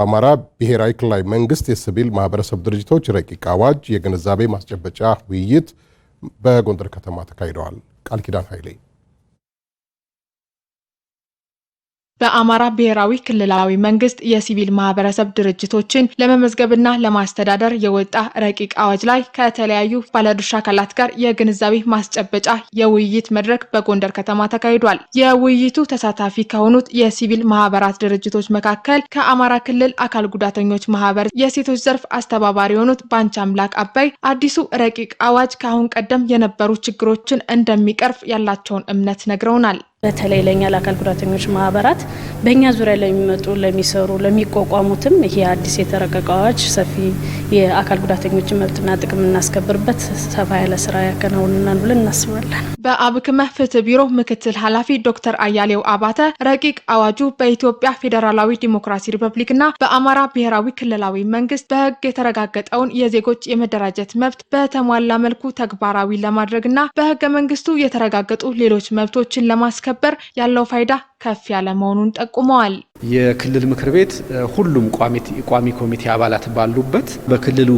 በአማራ ብሔራዊ ክልላዊ መንግስት የሲቪል ማህበረሰብ ድርጅቶች ረቂቅ አዋጅ የግንዛቤ ማስጨበጫ ውይይት በጎንደር ከተማ ተካሂደዋል። ቃል ኪዳን ኃይሌ በአማራ ብሔራዊ ክልላዊ መንግስት የሲቪል ማህበረሰብ ድርጅቶችን ለመመዝገብና ለማስተዳደር የወጣ ረቂቅ አዋጅ ላይ ከተለያዩ ባለድርሻ አካላት ጋር የግንዛቤ ማስጨበጫ የውይይት መድረክ በጎንደር ከተማ ተካሂዷል። የውይይቱ ተሳታፊ ከሆኑት የሲቪል ማህበራት ድርጅቶች መካከል ከአማራ ክልል አካል ጉዳተኞች ማህበር የሴቶች ዘርፍ አስተባባሪ የሆኑት ባንቻ አምላክ አባይ አዲሱ ረቂቅ አዋጅ ከአሁን ቀደም የነበሩ ችግሮችን እንደሚቀርፍ ያላቸውን እምነት ነግረውናል። በተለይ ለእኛ ለአካል ጉዳተኞች ማህበራት በእኛ ዙሪያ ለሚመጡ ለሚሰሩ ለሚቋቋሙትም ይሄ አዲስ የተረቀቀ አዋጅ ሰፊ የአካል ጉዳተኞችን መብትና ጥቅም እናስከብርበት ሰፋ ያለ ስራ ያከናውንናል ብለን እናስባለን። በአብክመ ፍትህ ቢሮ ምክትል ኃላፊ ዶክተር አያሌው አባተ ረቂቅ አዋጁ በኢትዮጵያ ፌዴራላዊ ዲሞክራሲ ሪፐብሊክ እና በአማራ ብሔራዊ ክልላዊ መንግስት በህግ የተረጋገጠውን የዜጎች የመደራጀት መብት በተሟላ መልኩ ተግባራዊ ለማድረግ እና በህገ መንግስቱ የተረጋገጡ ሌሎች መብቶችን ለማስከበር ያለው ፋይዳ ከፍ ያለ መሆኑን ጠቁመዋል። የክልል ምክር ቤት ሁሉም ቋሚ ኮሚቴ አባላት ባሉበት በክልሉ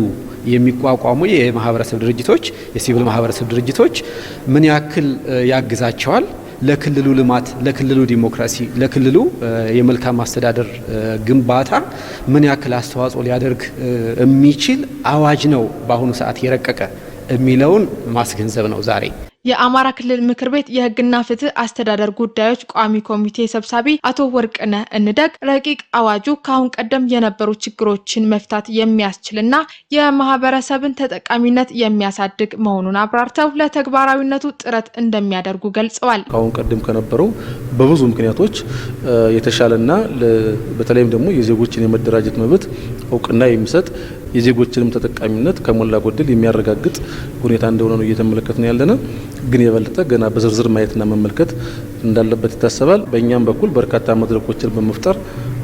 የሚቋቋሙ የማህበረሰብ ድርጅቶች፣ የሲቪል ማህበረሰብ ድርጅቶች ምን ያክል ያግዛቸዋል ለክልሉ ልማት፣ ለክልሉ ዲሞክራሲ፣ ለክልሉ የመልካም አስተዳደር ግንባታ ምን ያክል አስተዋጽኦ ሊያደርግ የሚችል አዋጅ ነው በአሁኑ ሰዓት የረቀቀ የሚለውን ማስገንዘብ ነው ዛሬ የአማራ ክልል ምክር ቤት የህግና ፍትህ አስተዳደር ጉዳዮች ቋሚ ኮሚቴ ሰብሳቢ አቶ ወርቅነህ እንደግ ረቂቅ አዋጁ ከአሁን ቀደም የነበሩ ችግሮችን መፍታት የሚያስችልና የማህበረሰብን ተጠቃሚነት የሚያሳድግ መሆኑን አብራርተው ለተግባራዊነቱ ጥረት እንደሚያደርጉ ገልጸዋል። ከአሁን ቀደም ከነበሩ በብዙ ምክንያቶች የተሻለና በተለይም ደግሞ የዜጎችን የመደራጀት መብት እውቅና የሚሰጥ የዜጎችንም ተጠቃሚነት ከሞላ ጎደል የሚያረጋግጥ ሁኔታ እንደሆነ ነው እየተመለከት ነው ያለነ። ግን የበለጠ ገና በዝርዝር ማየትና መመልከት እንዳለበት ይታሰባል። በእኛም በኩል በርካታ መድረኮችን በመፍጠር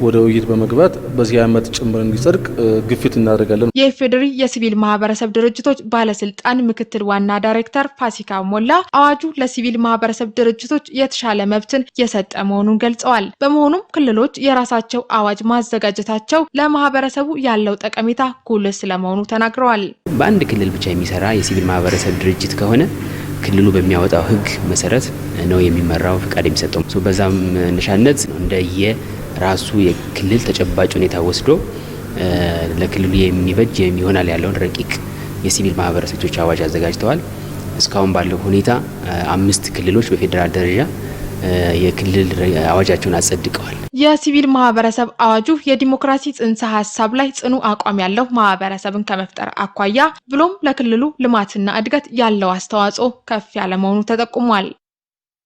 ወደ ውይይት በመግባት በዚህ ዓመት ጭምር እንዲጸድቅ ግፊት እናደርጋለን። የኢፌዴሪ የሲቪል ማህበረሰብ ድርጅቶች ባለስልጣን ምክትል ዋና ዳይሬክተር ፋሲካ ሞላ አዋጁ ለሲቪል ማህበረሰብ ድርጅቶች የተሻለ መብትን የሰጠ መሆኑን ገልጸዋል። በመሆኑም ክልሎች የራሳቸው አዋጅ ማዘጋጀታቸው ለማህበረሰቡ ያለው ጠቀሜታ ጉልህ ስለመሆኑ ተናግረዋል። በአንድ ክልል ብቻ የሚሰራ የሲቪል ማህበረሰብ ድርጅት ከሆነ ክልሉ በሚያወጣው ህግ መሰረት ነው የሚመራው፣ ፍቃድ የሚሰጠው በዛም መነሻነት እንደየ ራሱ የክልል ተጨባጭ ሁኔታ ወስዶ ለክልሉ የሚበጅ ይሆናል ያለውን ረቂቅ የሲቪል ማህበረሰቦች አዋጅ አዘጋጅተዋል። እስካሁን ባለው ሁኔታ አምስት ክልሎች በፌዴራል ደረጃ የክልል አዋጃቸውን አጸድቀዋል። የሲቪል ማህበረሰብ አዋጁ የዲሞክራሲ ጽንሰ ሀሳብ ላይ ጽኑ አቋም ያለው ማህበረሰብን ከመፍጠር አኳያ ብሎም ለክልሉ ልማትና እድገት ያለው አስተዋጽኦ ከፍ ያለ መሆኑ ተጠቁሟል።